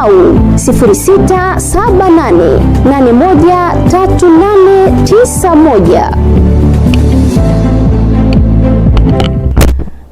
au 0678813891.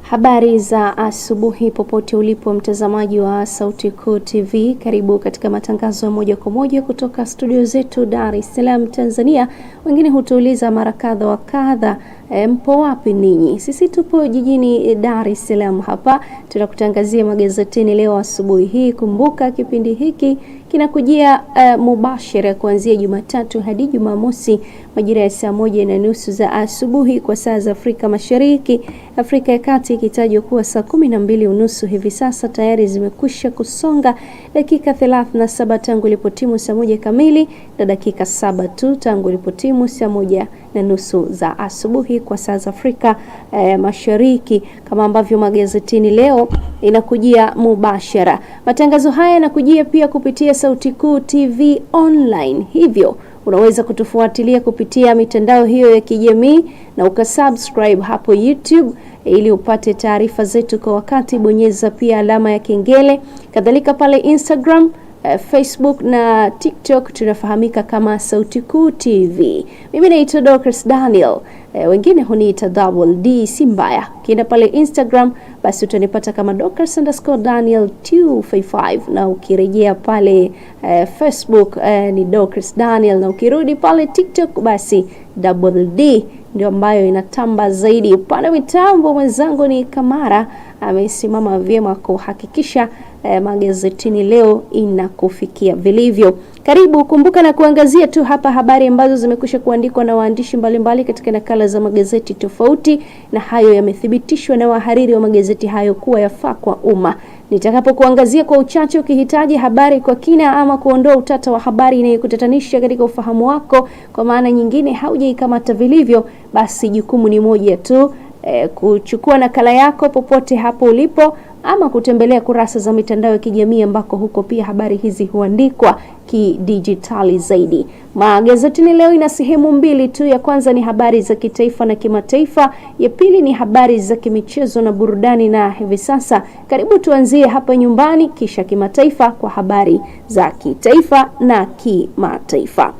Habari za asubuhi popote ulipo mtazamaji wa Sauti Kuu TV, karibu katika matangazo ya moja kwa moja kutoka studio zetu Dar es Salaam, Tanzania. Wengine hutuuliza mara kadha wa kadha, e, mpo wapi ninyi? Sisi tupo jijini eh, Dar es Salaam, hapa tunakutangazia magazetini leo asubuhi hii. Kumbuka kipindi hiki kinakujia uh, mubashara kuanzia Jumatatu hadi Jumamosi majira ya saa moja na nusu za asubuhi kwa saa za Afrika Mashariki, Afrika ya Kati ikitajwa kuwa saa kumi na mbili unusu hivi sasa. Tayari zimekwisha kusonga dakika 37 tangu ilipotimu saa moja kamili na dakika saba tu tangu ilipotimu saa moja na nusu za asubuhi kwa saa za Afrika eh, Mashariki, kama ambavyo magazetini leo inakujia mubashara. Matangazo haya yanakujia pia kupitia Sauti Kuu TV online, hivyo unaweza kutufuatilia kupitia mitandao hiyo ya kijamii na ukasubscribe hapo YouTube ili upate taarifa zetu kwa wakati. Bonyeza pia alama ya kengele, kadhalika pale Instagram Eh, Facebook na TikTok tunafahamika kama Sauti Kuu TV. Mimi naitwa Dorcas Daniel. E, wengine huniita Double D, si mbaya. Ukienda pale Instagram basi utanipata kama Dorcas underscore Daniel 255 na ukirejea pale e, Facebook e, ni Dorcas Daniel na ukirudi pale TikTok basi Double D ndio ambayo inatamba zaidi. Upande wa mitambo mwenzangu ni Kamara amesimama vyema kuhakikisha eh, magazetini leo inakufikia vilivyo. Karibu, kumbuka na kuangazia tu hapa habari ambazo zimekwisha kuandikwa na waandishi mbalimbali katika nakala za magazeti tofauti, na hayo yamethibitishwa na wahariri wa magazeti hayo kuwa yafaa kwa umma. Nitakapokuangazia kwa uchache, ukihitaji habari kwa kina ama kuondoa utata wa habari inayokutatanisha katika ufahamu wako, kwa maana nyingine haujaikamata vilivyo, basi jukumu ni moja tu, eh, kuchukua nakala yako popote hapo ulipo ama kutembelea kurasa za mitandao ya kijamii ambako huko pia habari hizi huandikwa kidijitali zaidi. Magazetini leo ina sehemu mbili tu, ya kwanza ni habari za kitaifa na kimataifa, ya pili ni habari za kimichezo na burudani. Na hivi sasa karibu tuanzie hapa nyumbani, kisha kimataifa kwa habari za kitaifa na kimataifa.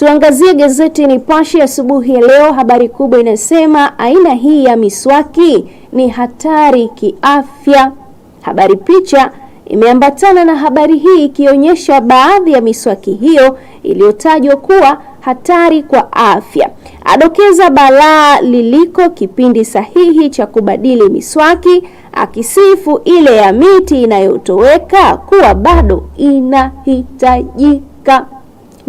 Tuangazie gazeti Nipashe asubuhi ya, ya leo. Habari kubwa inasema aina hii ya miswaki ni hatari kiafya. Habari picha imeambatana na habari hii ikionyesha baadhi ya miswaki hiyo iliyotajwa kuwa hatari kwa afya, adokeza balaa liliko kipindi sahihi cha kubadili miswaki, akisifu ile ya miti inayotoweka kuwa bado inahitajika.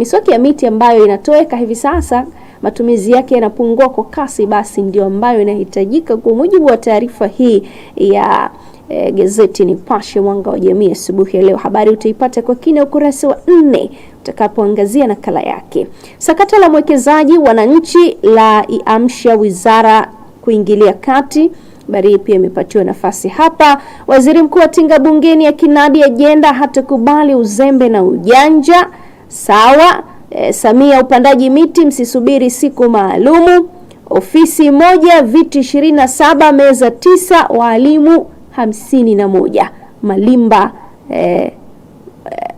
Miswaki ya miti ambayo inatoweka hivi sasa, matumizi yake yanapungua kwa kasi, basi ndio ambayo inahitajika kwa mujibu wa taarifa hii ya e, gazeti Nipashe mwanga wa jamii asubuhi ya leo. Habari utaipata kwa kina ukurasa wa nne utakapoangazia nakala yake. Sakata la mwekezaji wananchi la iamsha wizara kuingilia kati. Habari hii pia imepatiwa nafasi hapa. Waziri mkuu atinga bungeni akinadi ajenda hatakubali uzembe na ujanja sawa. E, Samia upandaji miti msisubiri siku maalumu. Ofisi moja viti 27 meza tisa, waalimu moja Malimba e,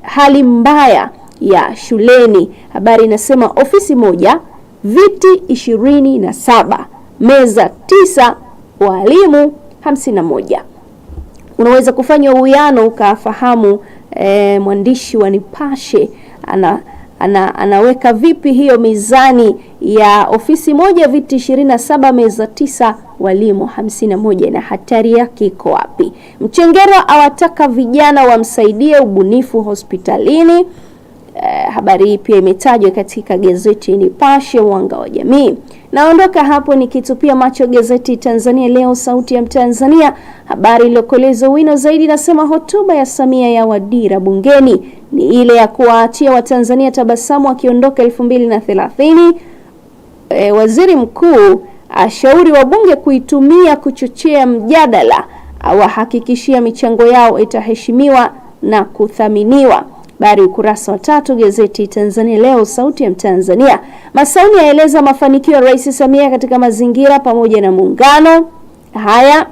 hali mbaya ya shuleni. Habari inasema ofisi moja viti 27 meza tisa, waalimu 5moja Unaweza kufanya uwiano ukafahamu e, mwandishi wa Nipashe ana, ana, anaweka vipi hiyo mizani ya ofisi moja viti 27 meza tisa walimu 51 na hatari yake iko wapi? Mchengerwa awataka vijana wamsaidie ubunifu hospitalini. Eh, habari hii pia imetajwa katika gazeti Nipashe Mwanga wa Jamii. Naondoka hapo nikitupia macho gazeti Tanzania Leo, sauti ya Mtanzania. Habari iliyokolezwa wino zaidi nasema hotuba ya Samia ya Wadira bungeni ni ile ya kuwaachia Watanzania tabasamu akiondoka 2030. E, eh, waziri mkuu ashauri wabunge kuitumia kuchochea mjadala, awahakikishia michango yao itaheshimiwa na kuthaminiwa. Habari ukurasa wa tatu gazeti Tanzania Leo, sauti ya Mtanzania. Masauni yaeleza mafanikio ya Rais Samia katika mazingira pamoja na muungano. Haya,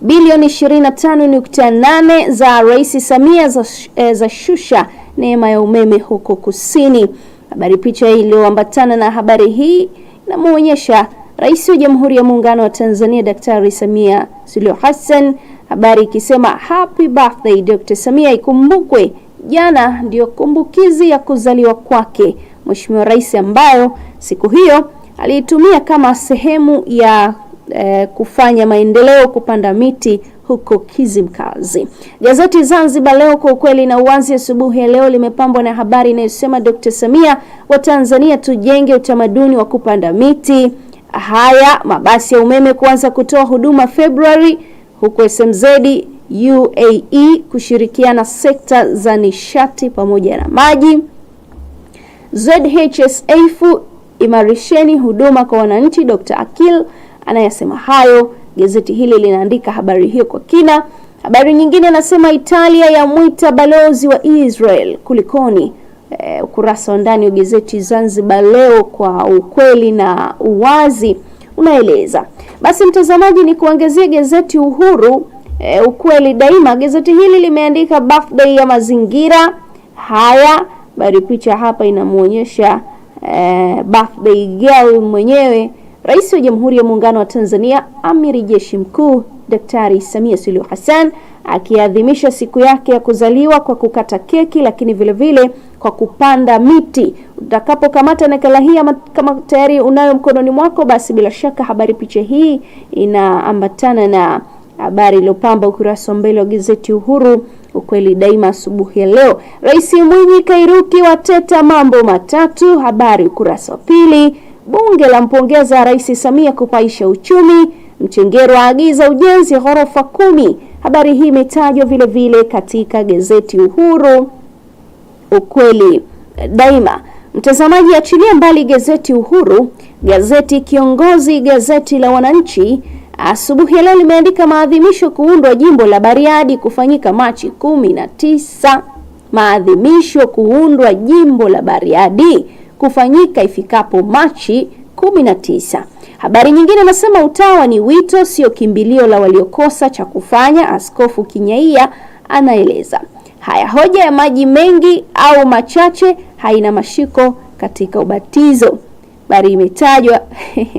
bilioni 25.8 za Rais Samia za, eh, za shusha neema ya umeme huko kusini. Habari picha hii iliyoambatana na habari hii inamwonyesha Rais wa Jamhuri ya Muungano wa Tanzania Daktari Samia Suluhu Hassan, habari ikisema happy birthday Dr. Samia ikumbukwe jana ndiyo kumbukizi ya kuzaliwa kwake Mheshimiwa Rais, ambayo siku hiyo aliitumia kama sehemu ya e, kufanya maendeleo, kupanda miti huko Kizimkazi. Gazeti Zanzibar Leo kwa ukweli na uwazi asubuhi ya leo limepambwa na habari inayosema Dr. Samia wa Tanzania, tujenge utamaduni wa kupanda miti. Haya, mabasi ya umeme kuanza kutoa huduma Februari, huko SMZ UAE kushirikiana sekta za nishati pamoja na maji. zhsf imarisheni huduma kwa wananchi. Dr. Akil anayesema hayo. Gazeti hili linaandika habari hiyo kwa kina. Habari nyingine anasema Italia yamwita balozi wa Israel kulikoni. E, ukurasa wa ndani wa gazeti Zanzibar Leo kwa ukweli na uwazi unaeleza. Basi mtazamaji, ni kuongezea gazeti Uhuru e, ukweli daima. Gazeti hili limeandika birthday ya mazingira haya, bali picha hapa inamwonyesha e, birthday girl mwenyewe, Rais wa Jamhuri ya Muungano wa Tanzania, Amiri Jeshi Mkuu Daktari Samia Suluhu Hassan akiadhimisha siku yake ya kuzaliwa kwa kukata keki, lakini vile vile kwa kupanda miti. Utakapokamata nakala hii ama kama tayari unayo mkononi mwako, basi bila shaka habari picha hii inaambatana na habari iliyopamba ukurasa wa mbele wa gazeti Uhuru, ukweli daima, asubuhi ya leo. Rais Mwinyi Kairuki wateta mambo matatu, habari ukurasa wa pili. Bunge la mpongeza Rais Samia kupaisha uchumi. Mchengero aagiza ujenzi ghorofa kumi. Habari hii imetajwa vile vile katika gazeti Uhuru, ukweli daima. Mtazamaji, achilia mbali gazeti Uhuru, gazeti Kiongozi, gazeti la Wananchi Asubuhi ya leo limeandika maadhimisho kuundwa jimbo la Bariadi kufanyika Machi 19. Maadhimisho kuundwa jimbo la Bariadi kufanyika ifikapo Machi 19. Habari nyingine anasema utawa ni wito, sio kimbilio la waliokosa cha kufanya, Askofu Kinyaia anaeleza haya. Hoja ya maji mengi au machache haina mashiko katika ubatizo habari imetajwa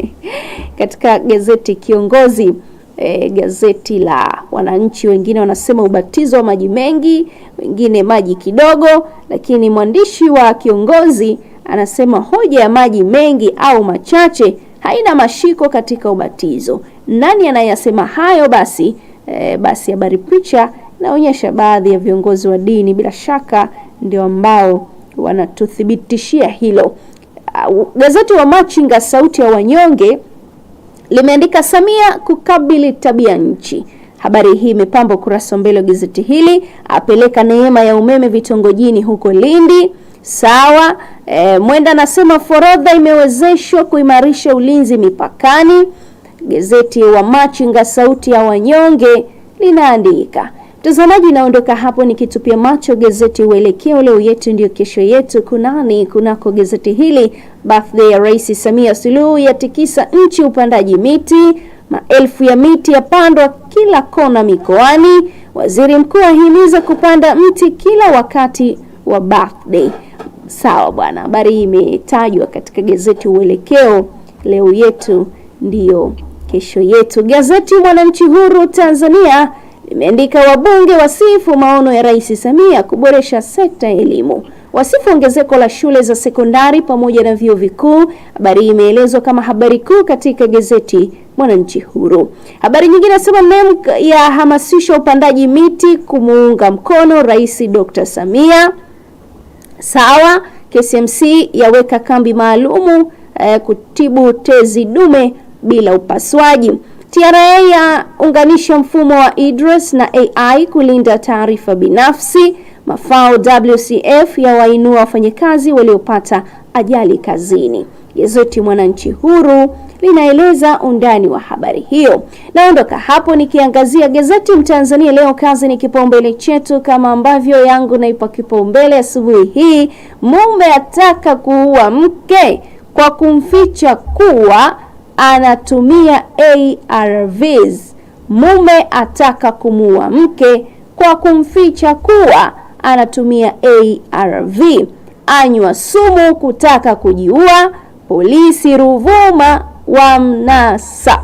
katika gazeti Kiongozi. E, gazeti la Wananchi, wengine wanasema ubatizo wa maji mengi, wengine maji kidogo, lakini mwandishi wa Kiongozi anasema hoja ya maji mengi au machache haina mashiko katika ubatizo. Nani anayasema hayo? Basi e, basi habari picha inaonyesha baadhi ya viongozi wa dini, bila shaka ndio ambao wanatuthibitishia hilo. Uh, gazeti wa Machinga sauti ya wanyonge limeandika Samia kukabili tabia nchi. Habari hii imepambwa ukurasa wa mbele wa gazeti hili. Apeleka neema ya umeme vitongojini huko Lindi. Sawa. E, Mwenda anasema forodha imewezeshwa kuimarisha ulinzi mipakani. Gazeti wa Machinga sauti ya wanyonge linaandika Mtazamaji, naondoka hapo nikitupia macho gazeti Uelekeo, leo yetu ndio kesho yetu. Kunani kunako gazeti hili, birthday ya Rais Samia Suluhu yatikisa nchi, upandaji miti, maelfu ya miti yapandwa kila kona mikoani, waziri mkuu ahimiza kupanda mti kila wakati wa birthday. Sawa bwana, habari hii imetajwa katika gazeti Uelekeo, leo yetu ndiyo kesho yetu. Gazeti Mwananchi Huru Tanzania limeandika wabunge wasifu maono ya Rais Samia kuboresha sekta ya elimu, wasifu ongezeko la shule za sekondari pamoja na vyuo vikuu. Habari hii imeelezwa kama habari kuu katika gazeti Mwananchi Huru. Habari nyingine nasema NEM yahamasisha upandaji miti kumuunga mkono Rais Dr. Samia. Sawa, KCMC yaweka kambi maalumu eh, kutibu tezi dume bila upasuaji. TRA yaunganisha mfumo wa IDRIS na AI kulinda taarifa binafsi. Mafao WCF yawainua wafanyakazi waliopata ajali kazini. Gazeti Mwananchi Huru linaeleza undani wa habari hiyo. Naondoka hapo nikiangazia gazeti Mtanzania Leo, kazi ni kipaumbele chetu, kama ambavyo yangu naipa kipaumbele asubuhi hii. Mume ataka kuua mke kwa kumficha kuwa anatumia ARVs. Mume ataka kumuua mke kwa kumficha kuwa anatumia ARV. Anywa sumu kutaka kujiua. Polisi Ruvuma wa mnasa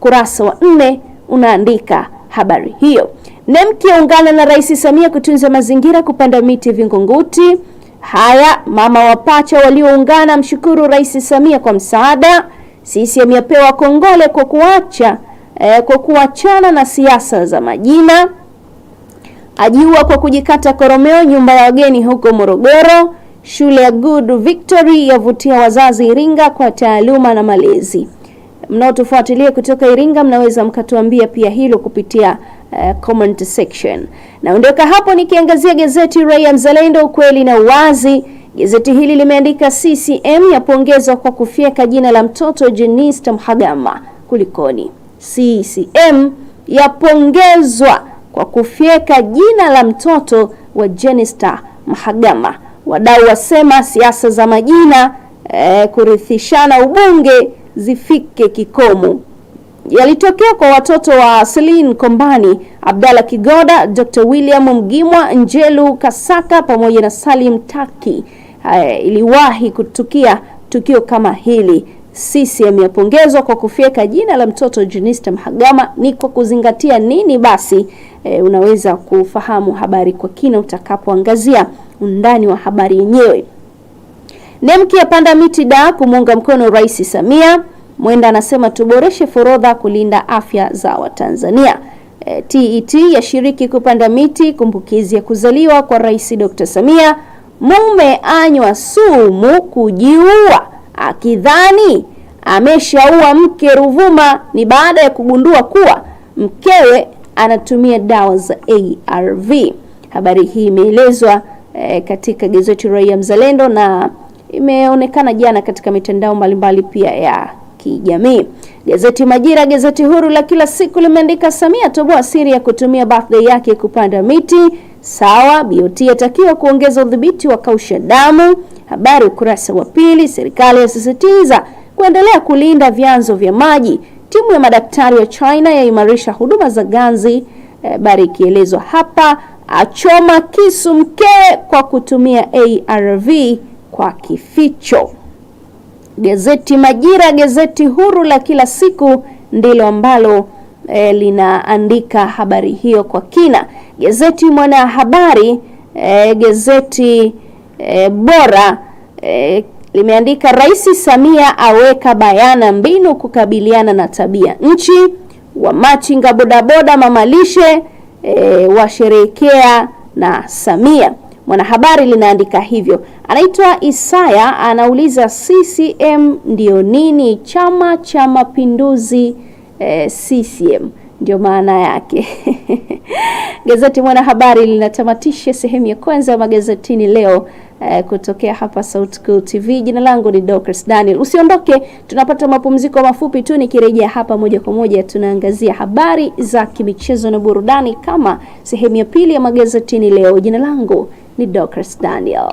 Kurasa wa nne unaandika habari hiyo. NEMC yaungana na Rais Samia kutunza mazingira, kupanda miti Vingunguti. Haya, mama wapacha walioungana mshukuru Rais Samia kwa msaada. CCM yapewa kongole kwa kuacha eh, kwa kuachana na siasa za majina. Ajiua kwa kujikata koromeo nyumba ya wageni huko Morogoro. Shule ya Good Victory yavutia wazazi Iringa kwa taaluma na malezi. Mnaotufuatilia kutoka Iringa mnaweza mkatuambia pia hilo kupitia uh, comment section. Naondoka hapo nikiangazia gazeti Raia Mzalendo, ukweli na uwazi. Gazeti hili limeandika CCM yapongezwa kwa kufyeka jina la mtoto Jenista Mhagama. Kulikoni? CCM yapongezwa kwa kufyeka jina la mtoto wa Jenista Mhagama. Wadau wasema siasa za majina eh, kurithishana ubunge zifike kikomo. Yalitokea kwa watoto wa Celine Kombani, Abdalla Kigoda, Dr. William Mgimwa, Njelu Kasaka pamoja na Salim Taki eh, iliwahi kutukia tukio kama hili. CCM yapongezwa kwa kufyeka jina la mtoto Jenista Mhagama. Ni kwa kuzingatia nini? Basi e, unaweza kufahamu habari kwa kina utakapoangazia undani wa habari yenyewe. Nemki yapanda miti da kumuunga mkono Rais Samia. Mwenda anasema tuboreshe forodha kulinda afya za Watanzania. Eh, e, TET yashiriki kupanda miti kumbukizi ya kuzaliwa kwa Rais Dr. Samia mume anywa sumu kujiua, akidhani ameshaua mke Ruvuma. Ni baada ya kugundua kuwa mkewe anatumia dawa za ARV. Habari hii imeelezwa e, katika gazeti Raia Mzalendo na imeonekana jana katika mitandao mbalimbali pia ya kijamii. Gazeti Majira, gazeti huru la kila siku, limeandika Samia toboa siri ya kutumia birthday yake kupanda miti. Sawa, BOT yatakiwa kuongeza udhibiti wa kausha damu. Habari ukurasa wa pili. Serikali yasisitiza kuendelea kulinda vyanzo vya maji. Timu ya madaktari wa China yaimarisha huduma za ganzi. Eh, habari ikielezwa hapa, achoma kisu mkee kwa kutumia ARV kwa kificho. Gazeti Majira, gazeti huru la kila siku, ndilo ambalo e, linaandika habari hiyo kwa kina. Gazeti Mwanahabari e, gazeti e, bora e, limeandika Rais Samia aweka bayana mbinu kukabiliana na tabia nchi. Wamachinga bodaboda mamalishe e, washerehekea na Samia. Mwanahabari linaandika hivyo. Anaitwa Isaya anauliza CCM ndio nini? Chama cha Mapinduzi eh, CCM ndio maana yake. Gazeti Mwanahabari linatamatisha sehemu ya kwanza ya magazetini leo eh, kutokea hapa Sauti Kuu TV. Jina langu ni Dorcas Daniel. Usiondoke, tunapata mapumziko mafupi tu, nikirejea hapa moja kwa moja tunaangazia habari za kimichezo na burudani kama sehemu ya pili ya magazetini leo. Jina langu ni Dorcas Daniel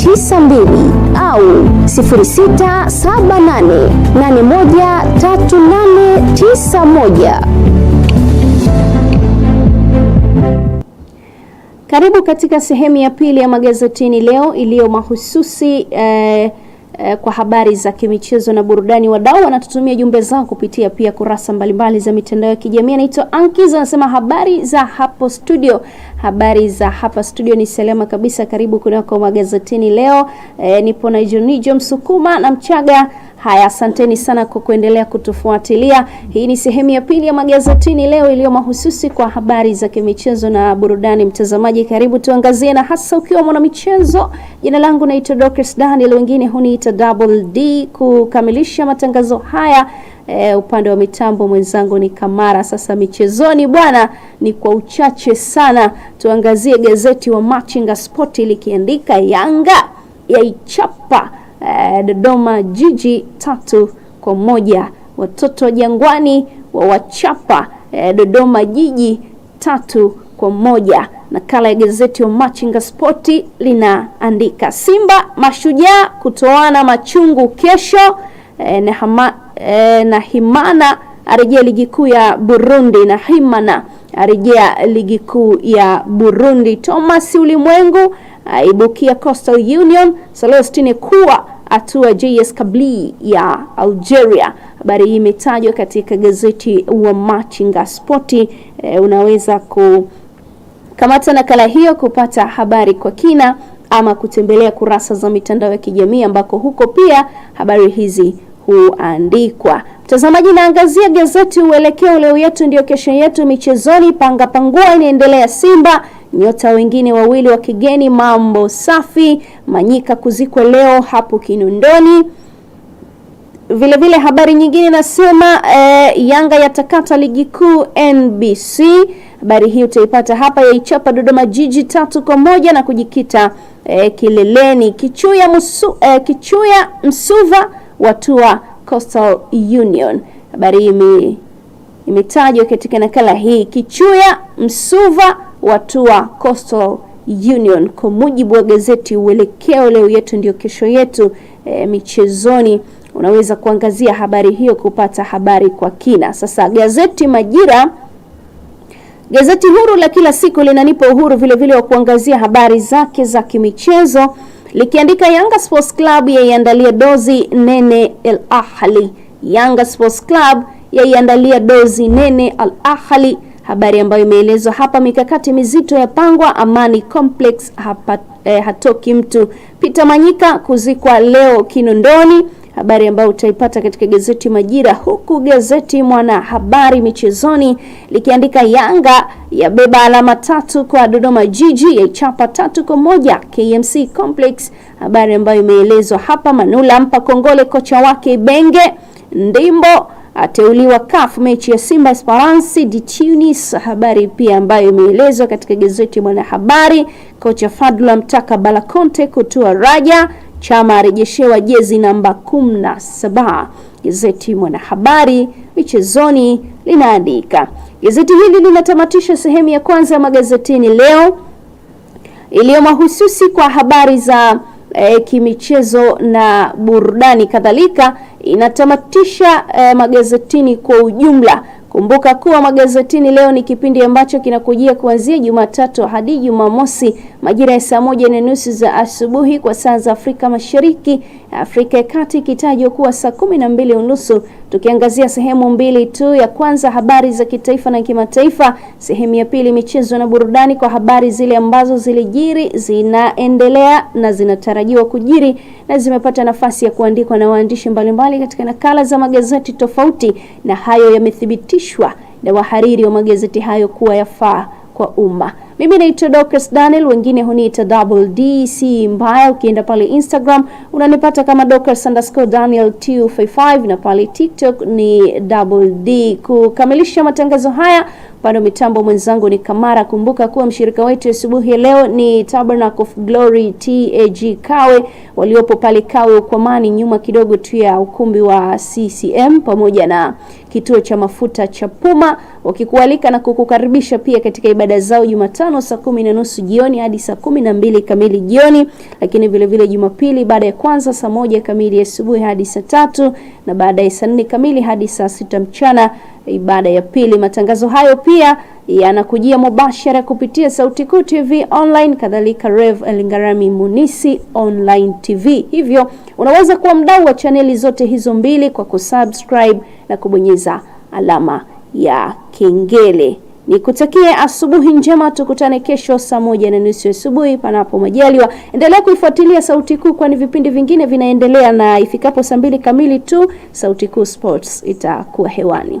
92 au moja. Karibu katika sehemu ya pili ya magazetini leo iliyo mahususi eh, eh, kwa habari za kimichezo na burudani. Wadau wanatutumia jumbe zao kupitia pia kurasa mbalimbali za mitandao ya kijamii. Anaitwa Ankis anasema habari za hapo studio habari za hapa studio ni salama kabisa. Karibu kunako magazetini leo. E, nipo na Jonijo Msukuma na Mchaga. Haya, asanteni sana kwa kuendelea kutufuatilia. Hii ni sehemu ya pili ya magazetini leo iliyo mahususi kwa habari za kimichezo na burudani. Mtazamaji, karibu tuangazie, na hasa ukiwa mwanamichezo. Jina langu naitwa Dorcas Daniel, wengine huniita Double D. Kukamilisha matangazo haya e, upande wa mitambo mwenzangu ni Kamara. Sasa michezoni bwana, ni kwa uchache sana tuangazie gazeti wa Machinga Spoti likiandika Yanga yaichapa e, Dodoma Jiji tatu kwa moja. Watoto wa Jangwani wawachapa e, eh, Dodoma Jiji tatu kwa moja. Nakala ya gazeti wa Machinga Spoti linaandika Simba Mashujaa kutoana machungu kesho e, eh, nahama, e, eh, Nahimana arejea ligi kuu ya Burundi. Nahimana arejea ligi kuu ya Burundi. Thomas Ulimwengu aibukia Coastal Union. Celestine kuwa atua JS Kabli ya Algeria. Habari hii imetajwa katika gazeti wa Machinga Sporti. E, eh, unaweza kukamata nakala hiyo kupata habari kwa kina ama kutembelea kurasa za mitandao ya kijamii ambako huko pia habari hizi huandikwa. Mtazamaji, naangazia gazeti Uelekeo, leo yetu ndio kesho yetu. Michezoni, panga pangua inaendelea. Simba nyota wengine wawili wa kigeni, mambo safi. Manyika kuzikwa leo hapo Kinondoni. Vilevile vile habari nyingine inasema eh, Yanga yatakata ligi kuu NBC. Habari hii utaipata hapa. Yaichapa Dodoma Jiji tatu kwa moja na kujikita eh, kileleni. Kichuya, musu, eh, Kichuya Msuva watua Coastal Union. Habari hii imetajwa katika nakala hii. Kichuya Msuva watua Coastal Union, kwa mujibu wa gazeti Uelekeo, leo yetu ndio kesho yetu. E, michezoni unaweza kuangazia habari hiyo kupata habari kwa kina. Sasa gazeti Majira, gazeti huru la kila siku, linanipa uhuru vilevile wa kuangazia habari zake za kimichezo likiandika Yanga Sports Club yaiandalia dozi nene Al Ahli. Yanga Sports Club yaiandalia dozi nene Al Ahli, habari ambayo imeelezwa hapa. Mikakati mizito ya pangwa Amani Complex hapa, eh, hatoki mtu. Peter Manyika kuzikwa leo Kinondoni habari ambayo utaipata katika gazeti Majira, huku gazeti Mwanahabari michezoni likiandika Yanga yabeba alama tatu kwa Dodoma Jiji, yaichapa tatu kwa moja KMC Complex, habari ambayo imeelezwa hapa. Manula mpa kongole kocha wake benge Ndimbo ateuliwa CAF mechi ya Simba Esperance di Tunis, habari pia ambayo imeelezwa katika gazeti Mwanahabari. Kocha Fadla mtaka Balakonte kutua raja Chama arejeshewa jezi namba 17. Gazeti Mwanahabari michezoni linaandika. Gazeti hili linatamatisha sehemu ya kwanza ya magazetini leo iliyo mahususi kwa habari za e, kimichezo na burudani kadhalika. Inatamatisha e, magazetini kwa ujumla. Kumbuka kuwa magazetini leo ni kipindi ambacho kinakujia kuanzia Jumatatu hadi Jumamosi majira ya saa moja na nusu za asubuhi kwa saa za Afrika Mashariki, Afrika ya Kati ikitajwa kuwa saa kumi na mbili unusu tukiangazia sehemu mbili tu, ya kwanza habari za kitaifa na kimataifa, sehemu ya pili michezo na burudani, kwa habari zile ambazo zilijiri, zinaendelea na zinatarajiwa kujiri na zimepata nafasi ya kuandikwa na waandishi mbalimbali katika nakala za magazeti tofauti, na hayo yamethibitishwa na wahariri wa magazeti hayo kuwa yafaa kwa umma. Mimi naitwa Dorcas Daniel, wengine huniita Double C Mbaya. Ukienda pale Instagram unanipata kama Dorcas underscore Daniel 255 na pale TikTok ni Double D. Kukamilisha matangazo haya bado mitambo mwenzangu ni Kamara. Kumbuka kuwa mshirika wetu asubuhi ya leo ni Tabernacle of Glory TAG Kawe, waliopo pale Kawe Ukwamani, nyuma kidogo tu ya ukumbi wa CCM pamoja na kituo cha mafuta cha Puma, wakikualika na kukukaribisha pia katika ibada zao Jumatano Jumatano saa kumi na nusu jioni hadi saa kumi na mbili kamili jioni, lakini vilevile Jumapili baada ya kwanza saa moja kamili asubuhi hadi saa tatu na baadaye saa nne kamili hadi saa sita mchana ibada eh, ya pili. Matangazo hayo pia yanakujia mubashara kupitia Sauti Kuu TV online, kadhalika Rev Elingarami Munisi online TV. Hivyo unaweza kuwa mdau wa chaneli zote hizo mbili kwa kusubscribe na kubonyeza alama ya kengele ni kutakia asubuhi njema, tukutane kesho saa moja na nusu asubuhi panapo majaliwa. Endelea kuifuatilia Sauti Kuu, kwani vipindi vingine vinaendelea, na ifikapo saa mbili kamili tu Sauti Kuu Sports itakuwa hewani.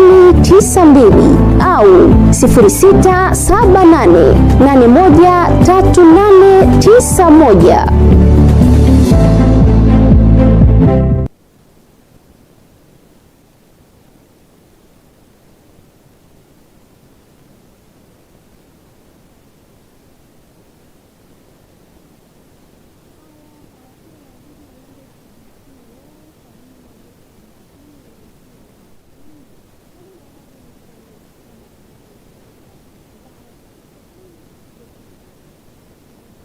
mbili au nane tatu tisa moja